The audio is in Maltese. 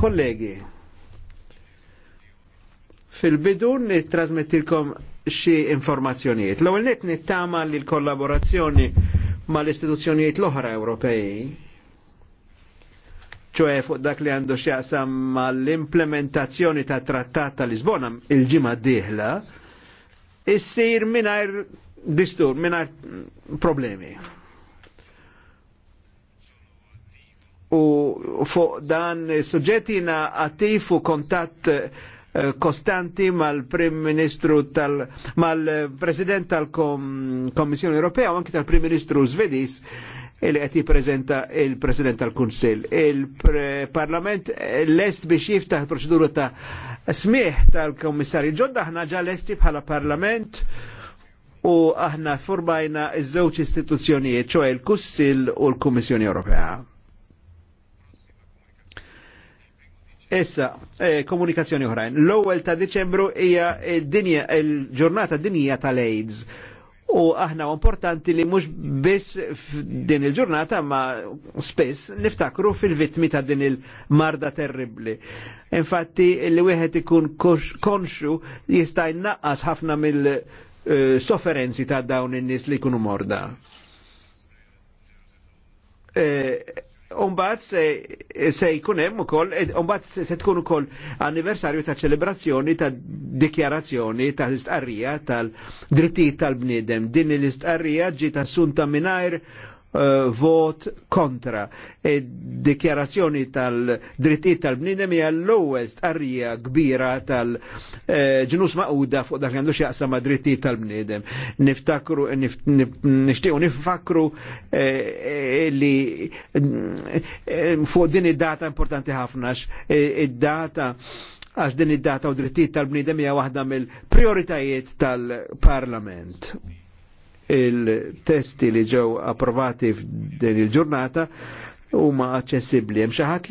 Kollegi, fil-bidu nittrasmettilkom xi informazzjonijiet. L-ewwel nett nittama li l-kollaborazzjoni mal-istituzzjonijiet l-oħra Ewropej ċoħe fuq dak li għandu xjaqsam mal-implementazzjoni ta' trattat ta' Lisbona il ġima d-dihla, issir minar distur, minar problemi. fuq dan suġġettina attiv u kontatt eh, kostanti mal-Prim Ministru tal mal-President tal-Kommissjoni Ewropea u anki tal-Prim Ministru Svedis eh, li qed jippreżenta il-President tal-Kunsill. Il-Parlament eh, lest biex jiftaħ proċedura ta' smieħ tal-Kommissarju ġodda aħna ġa lesti bħala Parlament u aħna furbajna iż-żewġ istituzzjonijiet, ċoħe il-Kussil u l-Kummissjoni Ewropea. Issa, eh, komunikazzjoni oħrajn. L-ewwel ta' Diċembru hija eh, dinja il-ġurnata dinja tal-AIDS. U aħna importanti li mhux biss f'din il-ġurnata ma spess niftakru fil-vittmi ta' din il-marda terribli. Infatti li wieħed ikun konxu jista' jnaqqas ħafna mill-sofferenzi eh, ta' dawn in-nies li jkunu morda. Eh, mbagħad se jkun hemm ukoll, eh, mbagħad se tkun ukoll anniversarju ta' ċelebrazzjoni ta' dikjarazzjoni ta' l-istqarrija tal-drittijiet tal-bniedem. Din l-istqarrija ġiet assunta mingħajr uh, vot kontra. id e dikjarazzjoni tal-drittijiet tal-bnidem hija l-ewwel arrija kbira tal-ġnus eh, uh, maquda fuq dak għandu x'jaqsam ma' drittijiet tal-bniedem. Niftakru nif, nixtiequ nifakru eh, li fuq din id-data importanti ħafna id-data għax din id-data u drittijiet tal-bnidem hija waħda mill-prioritajiet tal-Parlament il-testi li ġew approvati f'din il-ġurnata huma aċċessibbli. Hemm xi ħadd